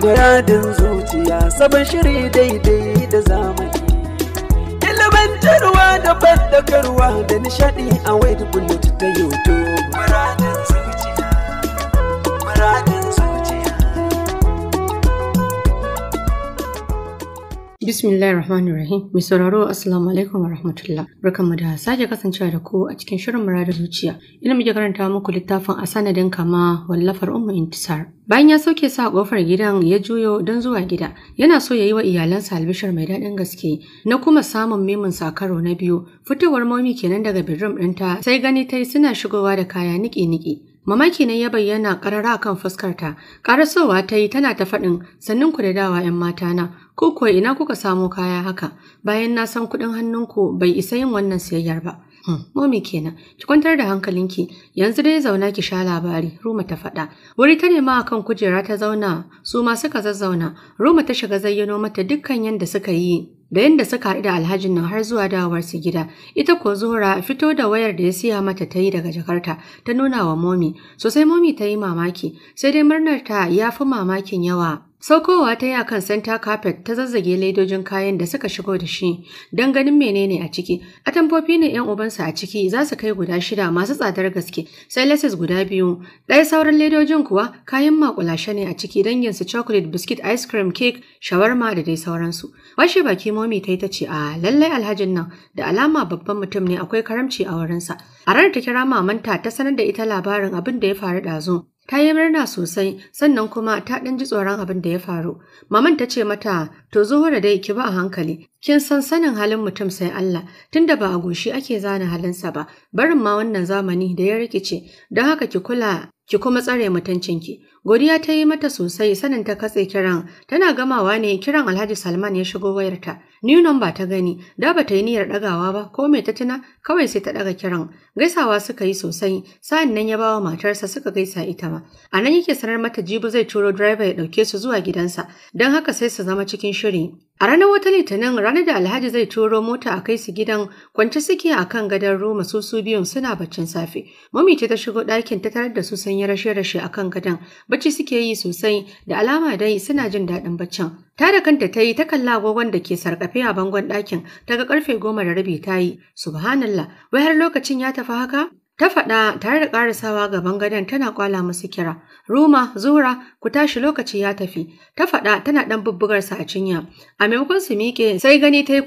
Muradin zuciya sabon shiri daidai da zamani. Ilimantarwa da bandakarwa da nishadi a wayar bullet ta YouTube. ar-Rahman ar Rahim. Mai sauraro Assalamu alaikum wa rahmatullah. Barkanmu da sake kasancewa da ku a cikin shirin muradin zuciya. Ina muke karanta muku littafin a sanadin kama wallafar umma Intisar. Bayan ya sauke sa a kofar gidan ya juyo don zuwa gida. Yana so ya yi wa iyalansa albishar mai daɗin gaske na kuma samun memin sa karo na biyu. Fitowar momi kenan daga bedroom ɗinta sai gani ta yi suna shigowa da kaya niki-niki. Mamaki ne ya bayyana karara kan fuskarta, karasowa ta yi tana ta faɗin sannin ku da dawa ‘yan matana, ko kuwa ina kuka samo kaya haka, bayan na san kuɗin hannunku bai isa yin wannan siyayyar ba. Hmm, momi kenan, ki kwantar da hankalinki, yanzu dai zauna ki sha labari, Ruma ta faɗa. Wuri ta nema a kan kujera ta zauna, su ma suka zazzauna, Ruma ta shiga zayyano mata dukkan yadda suka yi da yadda suka haɗu da alhajin nan har zuwa dawowarsu gida ita ko zora fito da wayar da ya siya mata ta yi daga jakarta ta nuna wa momi sosai momi ta yi mamaki sai dai murnar ta ya fi mamakin yawa Saukowa ta yi a kan santa carpet ta zazzage ledojin kayan da suka shigo da shi don ganin menene a ciki. Atamfofi ne ‘yan ubansa a ciki za su kai guda shida masu tsadar gaske, sai lasis guda biyu. Ɗaya sauran ledojin kuwa kayan makulashe ne a ciki dangin su chocolate, biscuit, ice cream, cake, shawarma da dai sauransu. Washe baki momi ta yi ta ce a ah, lallai alhajin nan da alama babban mutum ne akwai karamci a wurinsa. A ranar ta kira mamanta ta sanar da ita labarin abin da ya faru ɗazu. Ta yi murna sosai, sannan kuma ta ɗan ji tsoron abin da ya faru. Maman ta ce mata, to da dai ki ba a hankali, kin san sanin halin mutum sai Allah, tunda ba a goshi ake zana halinsa ba, barin ma wannan zamani da ya rikice, don haka ki kula ki kuma tsare mutuncinki. Godiya ta yi mata sosai sanin ta katse kiran, tana gamawa ne kiran Alhaji Salman ya shigo wayarta. Ni nan ba ta gani, da ba ta yi niyyar ɗagawa ba, ko mai ta tuna, kawai sai ta ɗaga kiran. Gaisawa suka yi sosai, sa'an nan ya ba wa matarsa suka gaisa ita ma. A nan yake sanar mata jibu zai turo driver ya ɗauke su zuwa gidansa, don haka sai su zama cikin shiri. A ranar wata litinin ranar da Alhaji zai turo mota a kai su gidan Kwanci suke a kan gadon Roma su su biyun suna baccin safe. Mami ta shigo ɗakin ta tarar da su sanya rashe-rashe a kan gadon. Bacci suke yi sosai da alama dai suna jin daɗin baccin. Ta da kanta ta yi ta kalla agogon da ke sarƙa Tafiya a bangon ɗakin daga karfe goma da rabi ta yi subhanallah wai har lokacin ya tafi haka ta faɗa tare da ƙarasawa gaban gadon tana kwala musu kira ruma zura ku tashi lokaci ya tafi ta faɗa tana ɗan bubbugar sa a cinya a maimakon su miƙe sai gani ta yi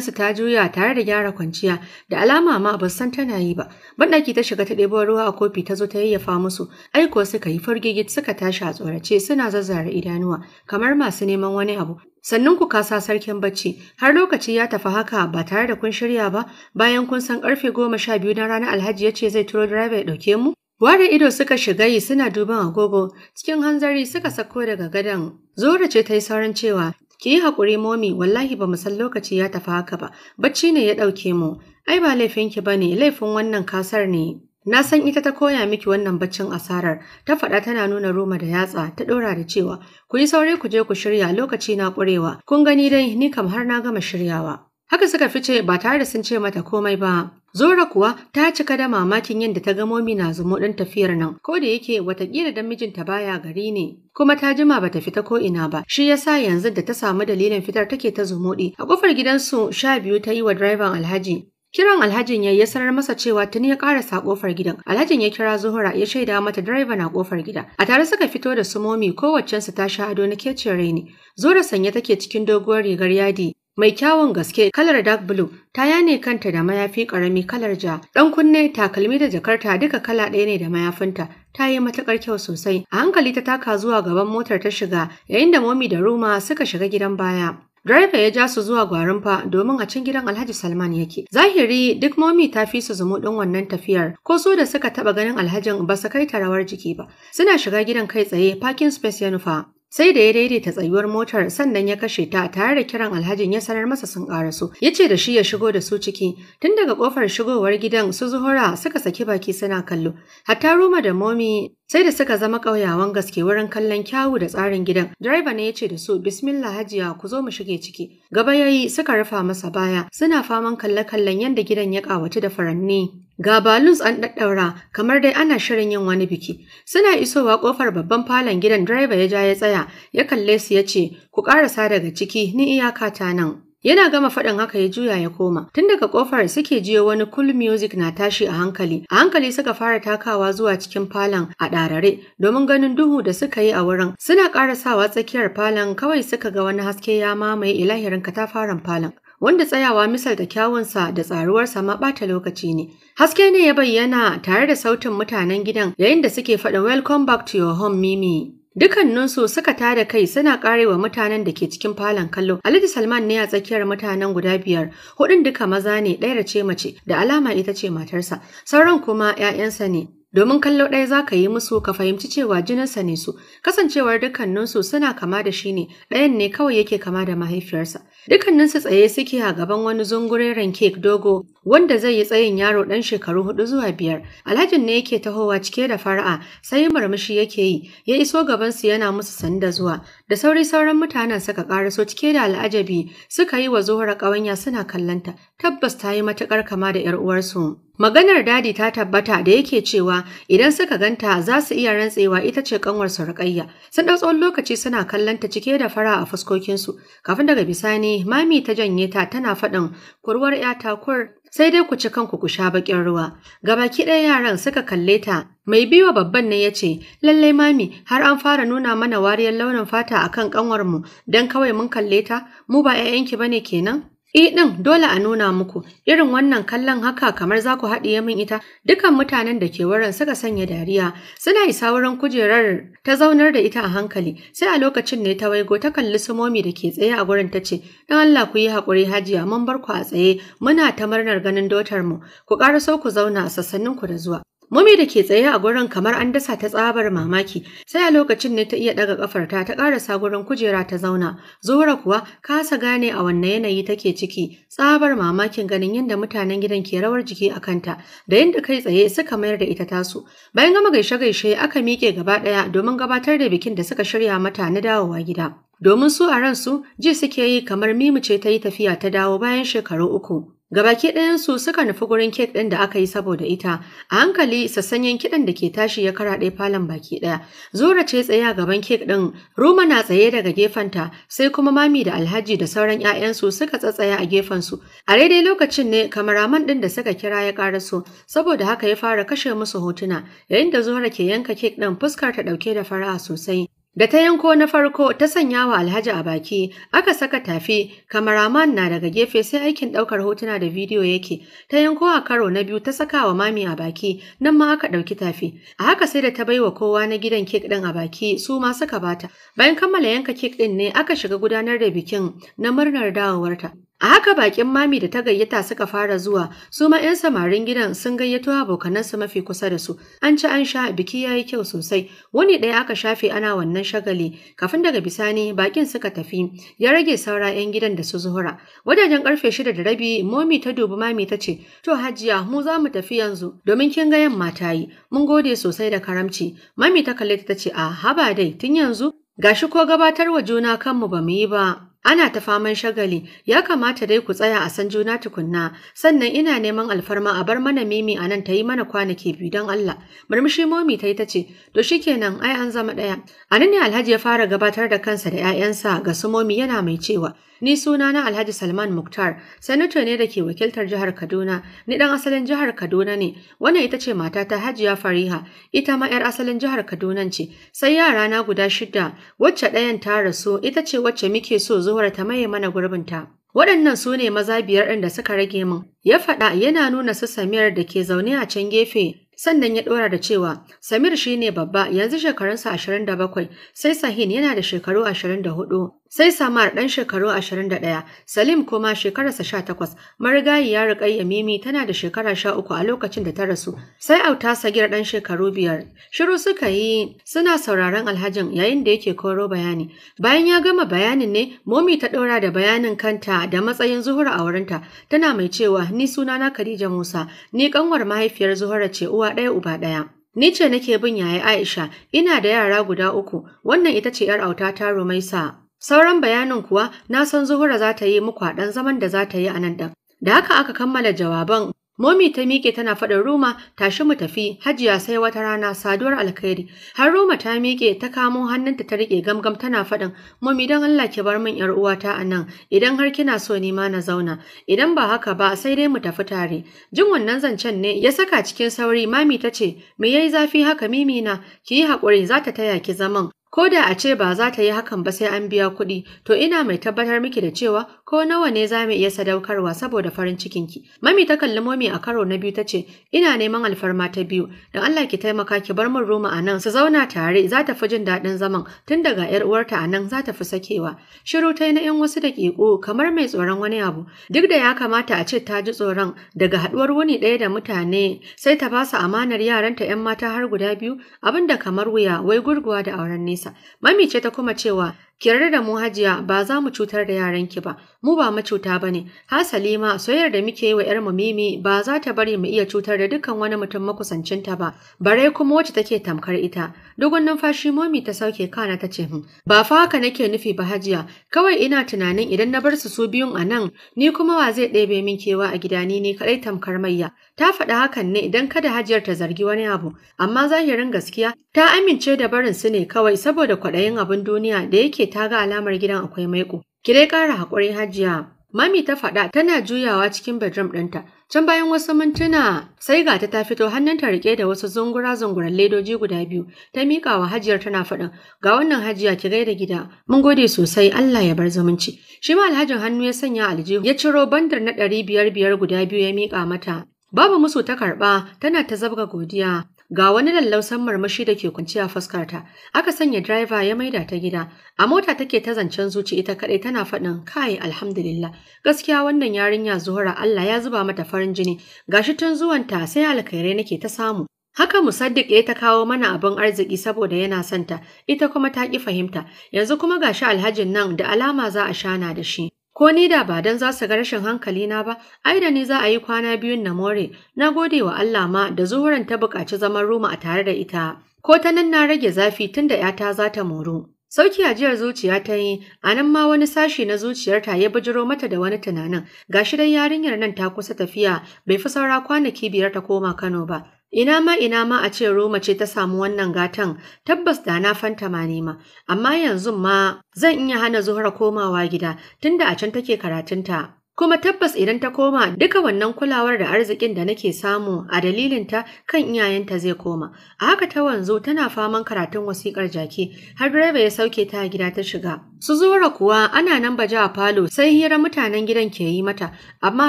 su ta juya tare da gyara kwanciya da alama ma ba san tana yi ba banɗaki ta shiga ta ɗebo ruwa a kofi ta zo ta yayyafa musu aiko suka yi firgigit suka tashi a tsorace suna zazzara idanuwa kamar masu neman wani abu sannan ku kasa sarkin bacci har lokaci ya tafi haka ba tare da kun shirya ba bayan kun san karfe goma sha biyu na ranar alhaji ya ce zai turo raba ya ɗauke mu Ware ido suka shiga yi suna duban agogo cikin hanzari suka sako daga gadon zora ce ta yi sauran cewa ki yi haƙuri momi wallahi ba mu san lokaci ya tafi haka ba bacci ne ya ɗauke mu ai ba laifinki ba ne laifin wannan kasar ne Na san ita ta koya miki wannan baccin asarar, ta faɗa tana nuna Roma da yatsa, ta ɗora da cewa, ku yi saurayi ku je ku shirya lokaci na ƙurewa, kun gani dai ni kam har na gama shiryawa. Haka suka fice ba tare da sun ce mata komai ba. Zora kuwa ta cika da mamakin yadda ta ga momi na zumo ɗin tafiyar nan, ko da yake watakila dan mijinta baya gari ne, kuma ta jima bata fita ko ina ba, shi ya sa yanzu da ta samu dalilin fitar take ta zumuɗi. A kofar gidansu sha biyu ta yi wa direban Alhaji, Kiran Alhajin ya ya sanar masa cewa tuni ya sa kofar gidan. Alhajin ya kira Zuhura ya shaida mata direba na kofar gida. A tare suka fito da sumomi kowacce su ta sha ado na kece raini. Zuhura sanye take cikin doguwar rigar yadi mai kyawun gaske kalar dark blue ta yane kanta da mayafi karami kalar ja dan kunne takalmi da jakarta duka kala ɗaya ne da mayafinta ta yi matakar kyau sosai a hankali ta taka zuwa gaban motar ta shiga yayin da momi da ruma suka shiga gidan baya Driver ya ja su zuwa Gwarinfa domin a cin gidan Alhaji Salman yake. Zahiri duk momi ta fi su ɗin wannan tafiyar, ko su da suka taɓa ganin Alhajin ba su kai tarawar jiki ba. Suna shiga gidan kai tsaye parking space ya nufa. sai da ya daidaita tsayuwar motar sannan ya kashe ta tare da kiran alhajin ya sanar masa sun karasu ya ce da shi ya shigo da su ciki tun daga kofar shigowar gidan su zuhura suka saki baki suna kallo hatta ruma da momi sai da suka zama ƙauyawan gaske wurin kallon kyawu da tsarin gidan direba ne ya ce da su bismillah hajiya ku zo mu shige ciki gaba yayi suka rufa masa baya suna faman kalle-kallen yadda gidan ya ƙawatu da furanni Ga balloons an ɗaɗɗaura kamar dai ana shirin yin wani biki. Suna isowa ƙofar babban falon gidan direba ya ja ya tsaya, ya kalle su ya ce, ku ƙarasa daga ciki ni iyaka ta nan. Yana gama faɗin haka ya juya ya koma. Tun daga ƙofar suke jiyo wani cool music na tashi a hankali. A hankali suka fara takawa zuwa cikin falon a ɗarare domin ganin duhu da suka yi a wurin. Suna ƙarasawa tsakiyar falon kawai suka ga wani haske ya mamaye ilahirin katafaren falon. wanda tsayawa misal da kyawunsa da tsaruwarsa ma ɓata lokaci ne. Haske ne ya bayyana tare da sautin mutanen gidan yayin da suke faɗin welcome back to your home Mimi. Dukanninsu suka tada kai suna karewa mutanen da ke cikin falon kallo. Alhaji Salman ne a tsakiyar mutanen guda biyar, hudun duka maza ne, ɗaya ce mace, da alama ita ce matarsa. Sauran kuma ‘ya'yansa ne. domin kallo ɗaya za ka yi musu ka fahimci cewa jininsa ne su kasancewar dukkaninsu suna kama da shi ne ɗayan ne kawai yake kama da mahaifiyarsa dukkaninsu tsaye suke a gaban wani zungureren kek dogo wanda zai yi tsayin yaro ɗan shekaru hudu zuwa biyar. Alhajin ne yake tahowa cike da fara'a sai murmushi yake yi ya iso gabansu yana musu sanda zuwa. Da sauri sauran mutanen suka karaso cike da al'ajabi suka yi wa zuhura ƙawanya suna kallonta tabbas ta yi matukar kama da 'yar uwarsu. Maganar dadi ta tabbata da yake cewa idan suka ganta za su iya rantsewa ita ce kanwar surƙayya. Sun ɗau tsawon lokaci suna kallon ta cike da fara'a a fuskokinsu. Kafin daga bisani, mami ta janye ta tana faɗin kurwar ‘ya takur sai dai ku ci kanku ku sha bakin ruwa. Gabaki ɗaya yaran suka kalle ta, mai biwa babban ne ya ce, lallai mami har an fara nuna mana wariyar launin fata a akan ƙanwarmu don kawai mun kalle ta, mu ba 'ya'yanki bane kenan? I eh, ɗin dole a nuna muku, irin wannan kallon haka kamar za ku haɗiye min ita, dukan mutanen da ke wurin suka sanya dariya, suna isa wurin kujerar ta zaunar da ita a hankali, sai a lokacin ne ta waigo ta kalli sumomi da ke tsaye a gurin ta ce, don Allah ku yi haƙuri hajiya mun bar ku a tsaye, muna ta murnar ganin dotar mu, ku ƙara so ku zauna a sassanin ku da zuwa. Mumi da ke tsaye a gurin kamar an dasa ta tsabar mamaki, sai a lokacin ne ta iya daga kafarta ta karasa gurin kujera ta zauna, Zora kuwa kasa gane a wanne yanayi take ciki, tsabar mamakin ganin yadda mutanen gidan ke rawar jiki a kanta, da yadda kai tsaye suka mayar da ita tasu. Bayan gama gaishe-gaishe aka miƙe gaba ɗaya domin gabatar da bikin da suka shirya mata na dawowa gida. Domin su a ransu ji suke yi kamar mimu ce ta yi tafiya ta dawo bayan shekaru uku. Gabaki ɗayansu suka nufi gurin kek ɗin da aka yi saboda ita, a hankali sassanyen kiɗan da ke tashi ya karaɗe falon baki ɗaya. Zura ce tsaye a gaban kek ɗin, Ruma na tsaye daga gefenta, sai kuma mami da Alhaji da sauran 'ya'yansu suka tsatsaya a gefen su. A daidai lokacin ne kamaraman ɗin da suka kira ya ƙaraso, saboda haka ya fara kashe musu hotuna, yayin da Zura ke yanka kek ɗin fuskar ta ɗauke da fara'a sosai. Da ta yanko na farko ta sanya wa Alhaji a baki, aka saka tafi, man" na daga gefe sai aikin ɗaukar hotuna da bidiyo yake. Ta yanko a karo na biyu ta saka wa mami a baki, nan ma aka ɗauki tafi. A haka sai da ta baiwa kowa na gidan kek ɗin a baki, su ma suka bata. Bayan kammala yanka kek ɗin ne aka shiga gudanar da bikin na murnar dawowarta. A haka bakin mami da ta gayyata suka fara zuwa, su ma 'yan samarin gidan sun gayyato abokanansu mafi kusa da su. An ci an sha biki yayi kyau sosai. Wani ɗaya aka shafe ana wannan shagali, kafin daga bisani bakin suka tafi. Ya rage saura 'yan gidan da su zuhura. Wajajen karfe shida da rabi, momi ta dubi mami ta ce, "To Hajiya, mu za mu tafi yanzu, domin kin ga yamma ta yi. Mun gode sosai da karamci." Mami ta kalle ta ce, "A haba dai, tun yanzu gashi ko gabatar wa juna kanmu ba mu yi ba." Ana ta faman shagali, ya kamata dai ku tsaya a san juna tukunna, sannan ina neman alfarma a bar mana mimi a nan ta yi mana kwanaki biyu don Allah. Murmushi momi ta yi ta ce, to shi shikenan ai an zama ɗaya. A nan ne Alhaji ya fara gabatar da kansa da ‘ya'yansa ga su momi yana mai cewa, Ni suna na Alhaji Salman mukhtar sanato ne da ke wakiltar jihar Kaduna, ni ɗan asalin jihar Kaduna ne, wannan ita ce mata ta Hajiya Fariha, ita ma 'yar asalin jihar Kaduna ce, sai yara na guda shida, wacce ɗayan ta rasu ita ce wacce muke so zuwar ta maye mana gurbinta. Waɗannan su ne maza biyar ɗin da suka rage min, ya faɗa yana nuna su Samir da ke zaune a can gefe Sannan ya ɗora da cewa Samir shi ne babba yanzu shekarunsa 27 sai Sahin yana da shekaru 24. sai Samar ɗan shekaru 21, Salim kuma shekararsa 18, marigayi ya riƙa Mimi tana da shekara 13 a lokacin da ta rasu, sai auta sagir ɗan shekaru biyar. Shiru suka yi suna sauraron alhajin yayin da yake koro bayani. Bayan ya gama bayanin ne, Momi ta ɗora da bayanin kanta da matsayin Zuhura a wurinta, tana mai cewa ni sunana Khadija Musa, ni ƙanwar mahaifiyar Zuhura ce uwa ɗaya uba ɗaya. Ni ce nake bin yaya Aisha, ina da yara guda uku, wannan ita ce ‘yar auta ta Rumaisa. Sauran bayanin kuwa na san Zuhura za ta yi muku a ɗan zaman da za ta yi a nan ɗan. Da haka aka kammala jawaban Momi ta miƙe tana faɗin Ruma tashi mu tafi hajiya sai wata rana saduwar alkhairi har Ruma ta miƙe ta kamo hannunta ta riƙe gamgam tana faɗin Momi don Allah ki bar min 'yar uwata a nan idan har kina so ni ma na zauna idan ba haka ba sai dai mu tafi tare jin wannan zancen ne ya saka cikin sauri mami ta ce me yayi zafi haka mimina? na ki yi haƙuri za ta taya ki zaman Ko da a ce ba za ta yi hakan ba sai an biya kuɗi, to ina mai tabbatar miki da cewa ko nawa ne za mu iya sadaukarwa saboda farin cikinki. Mami ta kalli momi a karo na biyu ta ce, ina neman alfarma ta biyu, don Allah ki taimaka ki bar min Roma a nan su zauna tare za ta fi jin daɗin zaman tun daga ‘yar uwarta a nan za ta fi sakewa. Shiru ta na ‘yan wasu daƙiƙo kamar mai tsoron wani abu, duk da ya kamata a ce ta ji tsoron daga haɗuwar wuni ɗaya da mutane sai ta ba su amanar yaranta ‘yan mata har guda biyu abin da kamar wuya wai gurguwa da auren nesa. Mami ce ta kuma cewa Ki rada da mu hajiya ba za mu cutar da yaranki ba, mu ba macuta ba ne, hasali ma soyar da muke yi wa ‘yar mimi ba za ta bari mu iya cutar da dukkan wani mutum makusancinta ba, bare kuma wacce take tamkar ita. Dogon numfashi momi ta sauke kana ta ce, hmm, ba fa haka nake nufi ba hajiya, kawai ina tunanin idan na bar su su biyun a nan, ni kuma wa zai ɗebe min kewa a gida ni ne kaɗai tamkar maiya Ta faɗa hakan ne idan kada hajiyar ta zargi wani abu, amma zahirin gaskiya ta amince da barin su ne kawai saboda kwaɗayin abin duniya da yake take ta ga alamar gidan akwai maiko. Ki dai ƙara haƙuri hajiya. Mami ta faɗa tana juyawa cikin bedroom ɗinta. Can bayan wasu mintuna sai ga ta ta fito hannunta riƙe da wasu zungura zunguran ledoji guda biyu. Ta miƙa wa hajiyar tana faɗin ga wannan hajiya ki gaida gida. Mun gode sosai Allah ya bar zumunci. Shi ma alhajin hannu ya sanya aljihu ya ciro bandar na ɗari biyar biyar guda biyu ya miƙa mata. Babu musu ta karɓa tana ta zabga godiya. Ga wani lallausan marmashi da ke a fuskarta, aka sanya driver ya maida ta gida. A mota take ta zancen zuci ita kaɗai tana faɗin kai alhamdulillah. Gaskiya wannan yarinya Zuhura Allah ya zuba mata farin jini. Gashi tun zuwanta sai alkhairai nake ta samu. Haka Musaddiq ya ta kawo mana abin arziki saboda yana santa, ita kuma ta ƙi fahimta, yanzu kuma gashi alhajin nan da alama za a shana da shi. Ko ni da ba don za su ga rashin hankali na ba, ai da ni za a yi kwana biyun na more, na gode wa Allah ma da zuhuran ta buƙaci zaman Roma a tare da ita. Ko ta nan na rage zafi tun da ‘yata za ta moru. Sauki ajiyar zuciya ta yi, a nan ma wani sashi na zuciyarta ya bijiro mata da wani tunanin, ga shi dai yarinyar nan ta kusa tafiya, bai fi saura kwanaki biyar ta koma Kano ba. Ina ma ina ma a ce Roma ce ta samu wannan gatan tabbas da na fanta ma nema, amma yanzu ma zan iya hana Zuhra komawa gida tunda a can take karatunta. Kuma tabbas idan ta koma duka wannan kulawar da arzikin da nake samu a dalilinta kan iyayenta zai koma. A haka ta wanzu tana faman karatun wasikar jaki har direba ya sauke ta gida ta shiga. Su zuwa kuwa ana nan baje a falo sai hira mutanen gidan ke yi mata amma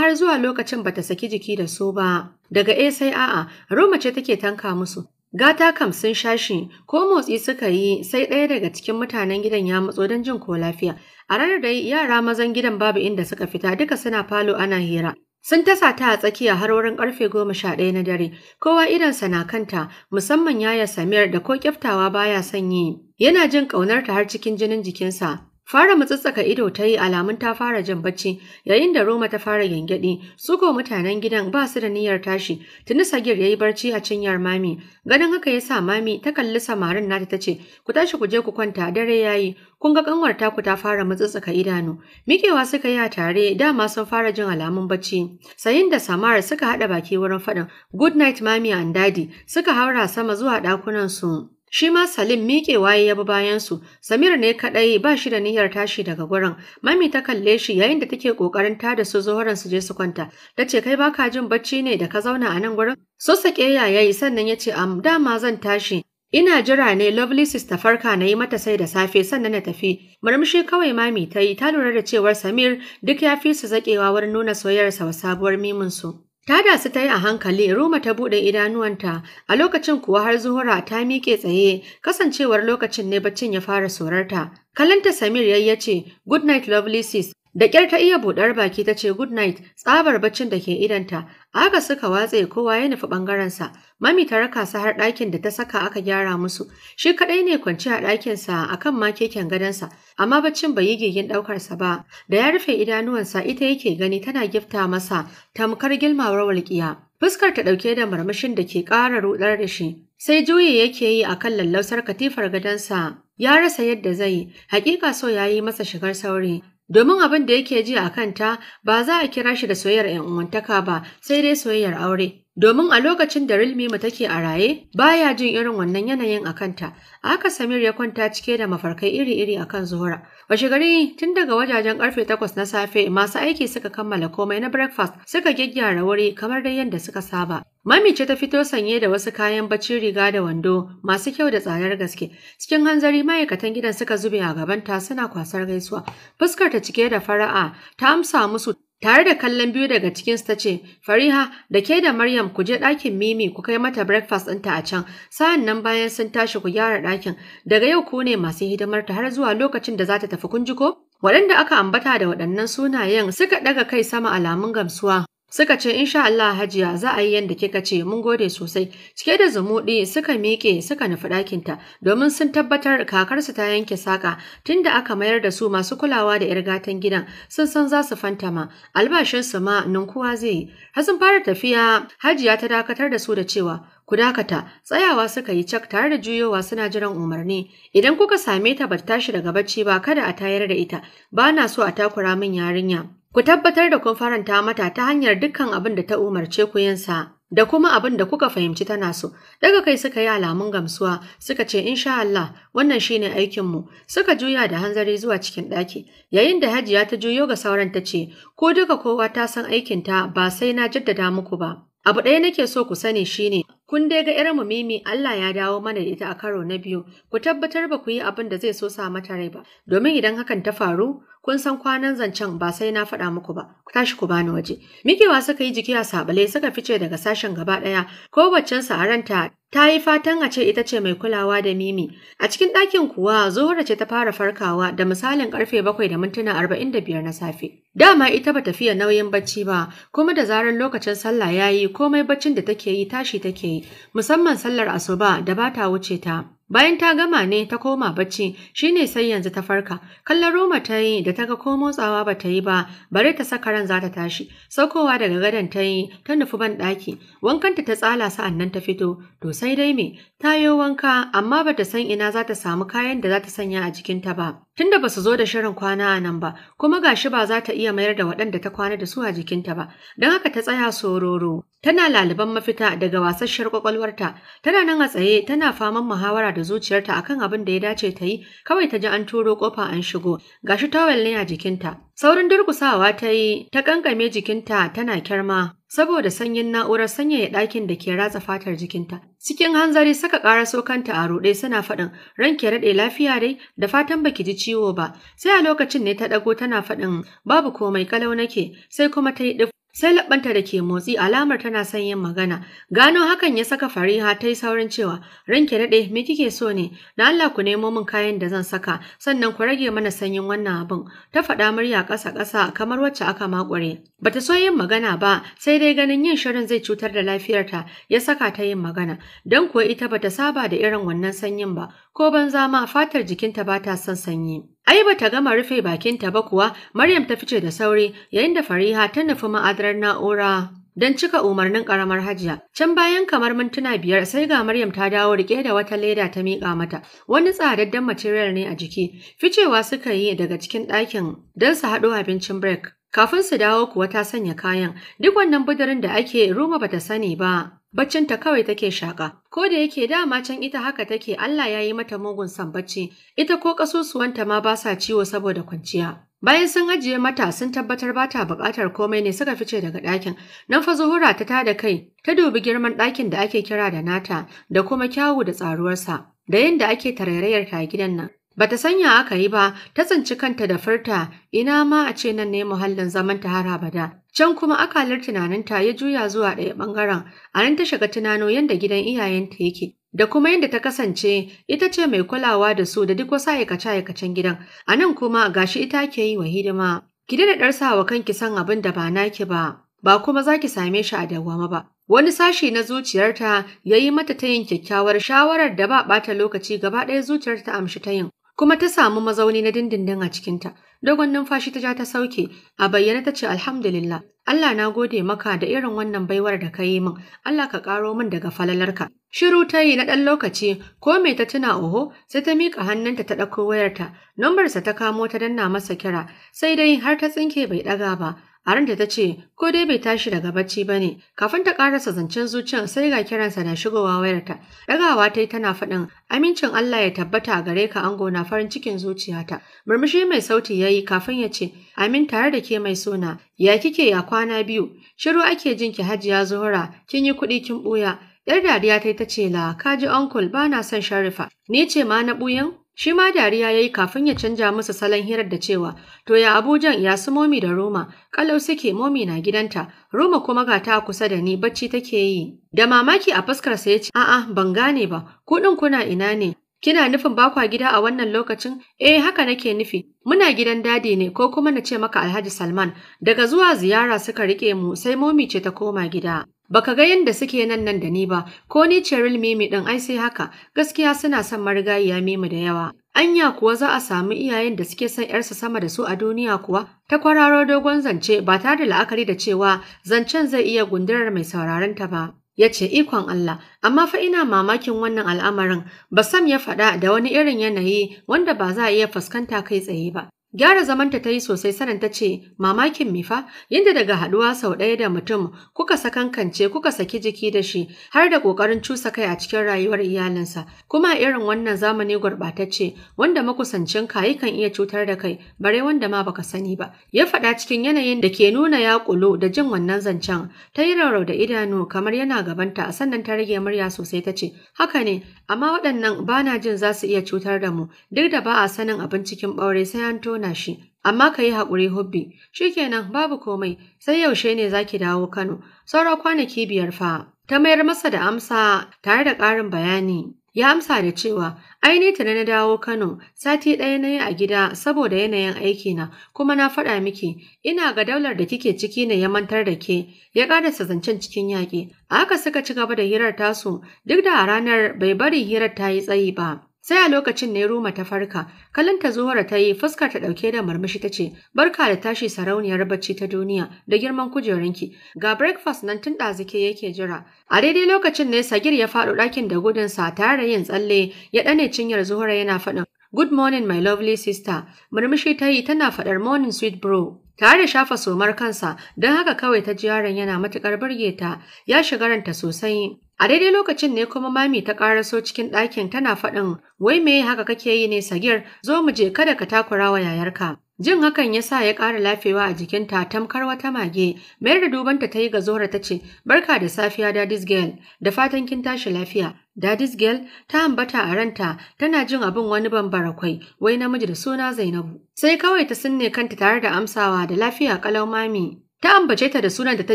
har zuwa lokacin bata saki jiki da su ba. Daga A eh sai a'a Roma ce take tanka musu. Gata kam sun sha shi, ko motsi suka yi sai ɗaya daga cikin mutanen gidan ya matso don jin ko lafiya. A ranar dai yara mazan gidan babu inda suka fita duka suna falo ana hira. Sun tasa ta a tsakiya har wurin karfe goma sha ɗaya na dare, kowa sa na kanta musamman yaya Samir da ko kyaftawa baya son yi. Yana jin ƙaunarta har cikin jinin jikinsa, Fara mutsatsaka ido ta yi alamun ta fara jin bacci yayin da Roma ta fara gyangyaɗi, su ko mutanen gidan ba su da niyyar tashi, tuni Sagir ya yi barci a cinyar mami. Ganin haka ya sa mami ta kalli samarin nata ta ce, ku tashi ku je ku kwanta dare ya yi, kun ga kanwar taku ta fara mutsatsaka idanu. Mikewa suka yi a tare dama sun fara jin alamun bacci. Sayin da Samar suka haɗa baki wurin faɗin, good night mami and daddy suka haura sama zuwa ɗakunan su. Shi ma Salim miƙewa ya bi bayansu, Samir ne kaɗai ba shi da niyyar tashi daga gurin. Mami ta kalle shi yayin da take ƙoƙarin tada su zuhuran su je su kwanta. Ta ce kai baka jin bacci ne da ka zauna a nan gurin? So sake yayi sannan ya ce am dama zan tashi. Ina jira ne lovely ta farka na yi mata sai da safe sannan na tafi. Murmushi kawai mami ta yi ta lura da cewar Samir duk ya fi su zaƙewa wurin nuna soyayyarsa wa sabuwar miminsu. Tada su ta yi a hankali, Roma ta buɗe idanuwanta, a lokacin kuwa har Zuhura ta miƙe tsaye, kasancewar lokacin ne baccin ya fara sorarta. Kalanta Samir ya ce, Good night lovely sis, Da kyar ta iya buɗar baki ta ce good night tsabar baccin da ke idanta, aka suka watse kowa ya nufi ɓangarensa, mami ta raka su har ɗakin da ta saka aka gyara musu, shi kaɗai ne kwanci a ɗakinsa a kan ma keken gadonsa, amma baccin bai yi gigin ɗaukarsa ba, da ya rufe idanuwansa ita yake gani tana gifta masa tamkar gilmawar walƙiya. Fuskar ta ɗauke da marmashin da ke ƙara ruɗar da shi, sai juyi yake yi a kan lallausar katifar gadonsa ya rasa yadda zai hakika so ya yi masa shigar sauri domin abin da yake ji a kanta ba za a kira shi da soyayyar ‘yan uwantaka ba sai dai soyayyar aure Domin a lokacin da mu take a raye, baya jin irin wannan yanayin a kanta, aka Samir ya kwanta cike da mafarkai iri-iri a kan Zuhura. Washe gari tun daga wajajen karfe takwas na safe masu aiki suka kammala komai na breakfast suka gyaggyara wuri kamar dai yadda suka saba. Mami ce ta fito sanye da wasu kayan bacci riga da wando masu kyau da tsadar gaske. Cikin hanzari ma'aikatan gidan suka zube a gaban ta suna kwasar gaisuwa. Fuskar ta cike da fara'a ta amsa musu Tare da kallon biyu daga cikin ta ce, Fariha, da ke da Maryam ku je ɗakin Mimi ku kai mata breakfast ɗinta a can, sa'an nan bayan sun tashi ku gyara ɗakin, daga yau ku ne masu hidimarta har zuwa lokacin da za ta tafi kun ji ko? Waɗanda aka ambata da waɗannan sunayen suka ɗaga kai sama alamun gamsuwa. Suka ce insha Allah hajiya za a yi yadda kika ce mun gode sosai. Cike da zumuɗi suka miƙe suka nufi ɗakinta domin sun tabbatar kakarsu ta yanke saƙa tunda aka mayar da su masu kulawa da 'yar gidan sun san za su fantama albashinsu ma ninkuwa zai yi. Har sun fara tafiya hajiya ta dakatar da su da cewa ku dakata tsayawa suka yi cak tare da juyowa suna jiran umarni idan kuka same ta bata tashi daga bacci ba kada a tayar da ita ba na so a takura min yarinya. Ku tabbatar da kun faranta mata ta hanyar dukkan abin da ta umarce ku yinsa da kuma abin da kuka fahimci tana so. Daga kai suka yi alamun gamsuwa suka ce insha Allah wannan shine aikin mu. Suka juya da hanzari zuwa cikin ɗaki. Yayin da Hajiya ta juyo ga sauran ta ce ko duka kowa ta san aikin ta ba sai na jaddada muku ba. Abu ɗaya nake so ku sani shine kun dai ga irin mimi Allah ya dawo mana ita a karo na biyu ku tabbatar ba ku yi abin da zai so sa mata rai ba domin idan hakan ta faru kun san kwanan zancen ba sai na faɗa muku ba, ku tashi ku bani waje. Mikewa suka yi jiki a sabale suka fice daga sashen gaba ɗaya, ko sa a ranta ta yi fatan a ce ita ce mai kulawa da Mimi. A cikin ɗakin kuwa Zuhura ce ta fara farkawa da misalin ƙarfe bakwai da mintuna arba'in da biyar na safe. Dama ita ba tafiya nauyin bacci ba, kuma da zarar lokacin sallah ya yi komai baccin da take yi tashi take yi, musamman sallar asuba da ba ta wuce ta. Bayan ta gama ne ta koma bacci, shi ne sai yanzu ta farka. Kallon Roma ta yi da ta ga ko motsawa ba ta yi ba, bare ta saka ran za ta tashi. Saukowa daga gadon ta yi, ta nufi ban ɗaki. Wankanta ta tsala sa'an nan ta fito. To sai dai me, ta yi wanka amma ba ta san ina za ta samu kayan da za ta sanya a jikinta ba. Tunda ba su zo da shirin kwana a nan ba, kuma ga shi ba za ta iya mayar da waɗanda ta kwana da su a jikinta ba. Don haka ta tsaya sororo. Tana laliban mafita daga wasasshiyar kwakwalwarta. Tana nan a tsaye tana faman muhawara da da zuciyarta akan abin da ya dace ta yi kawai ta ji an turo kofa an shigo gashi tawel ne a jikinta saurin durkusawa ta yi ta kankame jikinta tana kyarma saboda sanyin na'urar sanyaya ɗakin da ke ratsa fatar jikinta cikin hanzari saka ƙaraso kanta a ruɗe suna faɗin ranke raɗe lafiya dai da fatan baki ji ciwo ba sai a lokacin ne ta ɗago tana faɗin babu komai kalau nake sai kuma ta yi ɗif Sai labbanta da ke motsi alamar tana son yin magana. Gano hakan ya saka Fariha ta yi saurin cewa, "Ranke daɗe, me kike so ne? Na Allah ku nemo min kayan da zan saka, sannan ku rage mana sanyin wannan abin." Ta faɗa murya ƙasa-ƙasa kamar wacce aka makure. Bata so yin magana ba, sai dai ganin yin shirin zai cutar da lafiyarta, ya saka ta yin magana. Dan kuwa ita bata saba da irin wannan sanyin ba, ko banza ma fatar jikinta ba ta son sanyi. Ai ba ta gama rufe bakinta ba kuwa Maryam ta fice da sauri yayin da Fariha ta nufi ma'adarar na'ura don cika umarnin karamar hajiya. Can bayan kamar mintuna biyar sai ga Maryam ta dawo rike da wata leda ta miƙa mata. Wani tsadaddan material ne a jiki. Ficewa suka yi daga cikin ɗakin don su haɗo abincin break. Kafin su dawo kuwa ta sanya kayan, duk wannan budurin da ake Roma bata sani ba. Baccinta kawai take shaƙa, ko da yake dama can ita haka take Allah ya yi mata mugun san bacci, ita ko ƙasusuwanta ma ba sa ciwo saboda kwanciya. Bayan sun ajiye mata sun tabbatar ba ta buƙatar komai ne suka fice daga ɗakin, nan fa zuhura ta tada kai, ta dubi girman ɗakin da ake kira da nata da kuma kyawu da tsaruwarsa, da da ake tarayyar ta gidan nan. Ba ta sanya aka yi ba, ta tsinci kanta da furta, ina ma a ce nan ne muhallin zaman ta har abada. Can kuma akalar tunaninta ya juya zuwa ɗaya ɓangaren, a nan ta shiga tunano yadda gidan iyayenta yake. Da kuma yadda ta kasance, ita ce mai kulawa da su da duk wasu aikace-aikacen gidan, a nan kuma gashi ita ke yi wa hidima. Ki da ɗarsa wa kanki san abin da ba naki ba, ba kuma za ki same shi a dawwama ba. Wani sashi na zuciyarta ya yi mata ta yin kyakkyawar shawarar da ba ɓata lokaci gaba ɗaya zuciyarta ta amshi ta yin. kuma ta samu mazauni na dindindin a cikinta. Dogon numfashi ta ja ta sauke, a bayyana ta ce alhamdulillah, Allah na gode maka da irin wannan baiwar da ka yi min, Allah ka ƙaro min daga falalarka. Shiru ta yi na ɗan lokaci, ko me ta tuna oho, sai ta miƙa hannunta ta ɗauko wayarta, nambarsa ta kamo ta danna masa kira, sai dai har ta tsinke bai ɗaga ba, A da ta ce, ko dai bai tashi daga bacci ba ne, kafin ta ƙarasa zancen zuciyar, sai ga kiransa na shigowa wayarta. Ɗagawa ta yi tana faɗin, amincin Allah ya tabbata gare ka ango na farin cikin zuciyata. Murmushi mai sauti ya yi kafin ya ce, amin tare da ke mai sona, ya kike ya kwana biyu, shiru ake jin ki hajiya zuhura, kin yi kuɗi kin ɓuya. Yar dariya ta yi ce la, ka ji uncle ba na son sharifa, ni ce ma na ɓuyan? Shi ma dariya ya yi kafin ya canja masa salon hirar da cewa, To ya Abujan ya su momi da Roma, kalau suke momi na gidanta, Roma kuma ga ta kusa da ni bacci take yi. Da mamaki a fuskarsa ya ce, A'a, ban gane ba, kuɗin kuna ina ne? Kina nufin bakwa gida a wannan lokacin? Eh, haka nake nufi. Muna gidan dadi ne ko kuma na ce maka Alhaji Salman, daga zuwa ziyara suka riƙe mu sai momi ce ta koma gida. Baka ga yadda suke nan nan da ni ba, ko ni Cheryl Mimi ɗin ai sai haka, gaskiya suna son marigayiya Mimi da yawa. Anya kuwa za a samu iyayen da suke son ‘yarsa sama da su a duniya kuwa, ta kwararo dogon zance ba tare da la'akari da cewa zancen zai iya gundurar mai sauraron ta ba. Ya ce, Ikon Allah, amma fa ina mamakin wannan al'amarin, Basam ya faɗa da wani irin yanayi wanda ba za a iya fuskanta kai tsaye ba. Gyara zamanta ta yi sosai sanin ta ce, mamakin mifa, yadda daga haɗuwa sau ɗaya da mutum kuka sakankance kuka saki jiki da shi har da ƙoƙarin cusa kai a cikin rayuwar iyalinsa. Kuma irin wannan zamani gurɓatacce wanda makusancin kayi kan iya cutar da kai bare wanda ma baka sani ba. Ya faɗa cikin yanayin da ke nuna ya ƙulo da jin wannan zancen ta yi raurau da idanu kamar yana gabanta a sannan ta rage murya sosai ta ce, haka ne amma waɗannan bana jin za su iya cutar da mu duk da ba a sanin abin cikin ɓaure sai an tona ƙona shi amma ka yi haƙuri hubbi shi kenan, babu komai sai yaushe ne za ki dawo Kano Sauran kwanaki biyar fa ta mayar masa da amsa tare da ƙarin bayani ya amsa da cewa ai ni tana na dawo Kano sati ɗaya na yi a gida saboda yanayin aikina kuma na faɗa miki ina ga daular da kike ciki na ya mantar da ke ya sa zancen cikin yaƙi haka suka ci gaba da hirar tasu duk da a ranar bai bari hirar ta yi tsayi ba Sai a lokacin ne Ruma ta farka, kalanta zuwara ta yi fuskar ta ɗauke da marmashi ta ce, Barka da tashi sarauniyar bacci ta duniya da girman kujerunki, ga breakfast nan tun ɗazike yake jira. A daidai lokacin ne Sagir ya faɗo ɗakin da gudunsa tare da yin tsalle ya ɗane cinyar zuwara yana faɗin. Good morning my lovely sister, murmushi ta yi tana faɗar morning sweet bro. Tare da shafa somar kansa, don haka kawai ta ji yaron yana matuƙar burge ta, ya shiga ranta sosai. A daidai lokacin ne kuma mami ta karaso cikin ɗakin tana faɗin, wai me haka kake yi ne Sagir, zo mu je kada ka takura wa yayarka. Jin hakan ya sa ya ƙara lafewa a jikinta tamkar wata mage, mayar da dubanta ta yi ga Zohra ta ce, Barka da safiya Dadis Girl, da fatan kin tashi lafiya. Dadis Girl ta ambata a ranta tana jin abin wani bambara kwai, wai namiji da suna Zainabu. Sai kawai ta sinne kanta tare da amsawa da lafiya kalau mami. Ta ambace ta da sunan da ta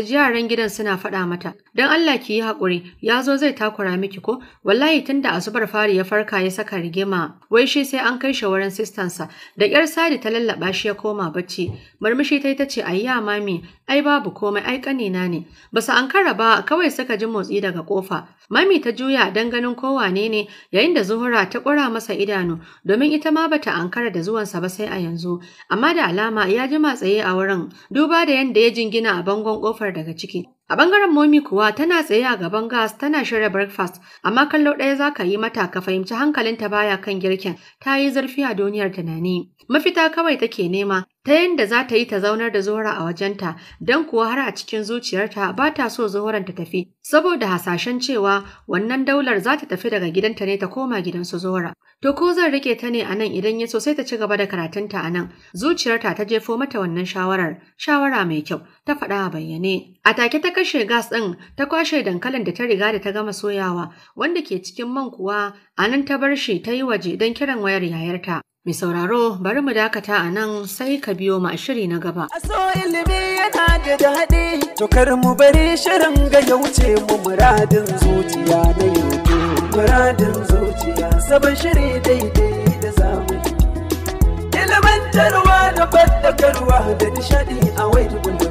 ji yaran gidan suna faɗa mata, don Allah ki yi haƙuri, ya zo zai takura miki ko, wallahi tun da asubar fari ya farka ya saka rigima, wai shi sai an kai shawaran sistansa, da ƙyar sadi ta lallaɓa shi ya koma bacci, murmushi ta yi ta ce ayya mami, ai babu komai ai ƙanina ne, basu su ankara ba kawai suka ji motsi daga ƙofa, Mami ta juya don ganin kowane ne yayin da Zuhura ta kura masa idanu domin ita ma bata ankara da zuwansa ba sai a yanzu. Amma da alama ya jima tsaye a wurin duba da yadda ya jingina a bangon kofar daga ciki. A bangaren Momi kuwa tana tsaye a gaban gas tana shirya breakfast, amma kallo ɗaya za ka yi mata ka fahimci hankalinta baya kan girkin, ta yi zurfi a duniyar tunani. Mafita kawai take nema, ta yadda za ta yi ta zaunar da Zuhura a wajenta, don kuwa har a cikin zuciyarta ba ta so Zuhuran ta tafi, saboda hasashen cewa wannan daular za ta tafi daga gidanta ne ta koma gidansu Zuhura. To ko zan rike ta ne a nan idan ya sosai ta ci gaba da karatunta a nan, zuciyarta ta jefo mata wannan shawarar, shawara mai kyau, ta faɗa a bayyane. A take ta kashe gas ɗin, ta kwashe dankalin da ta riga da ta gama soyawa, wanda ke cikin man kuwa a nan ta bar shi ta yi waje don kiran wayar yayarta. Mai sauraro bari mu dakata a nan sai ka biyo mu a shiri na gaba. Aso ilimi yana da daɗi, to kar mu bari shirin ga ya wuce mu muradin zuciya na yanzu. Muradin zuciya sabon shiri daidai da zamani. Ilimantarwa da fadakarwa da nishaɗi a wai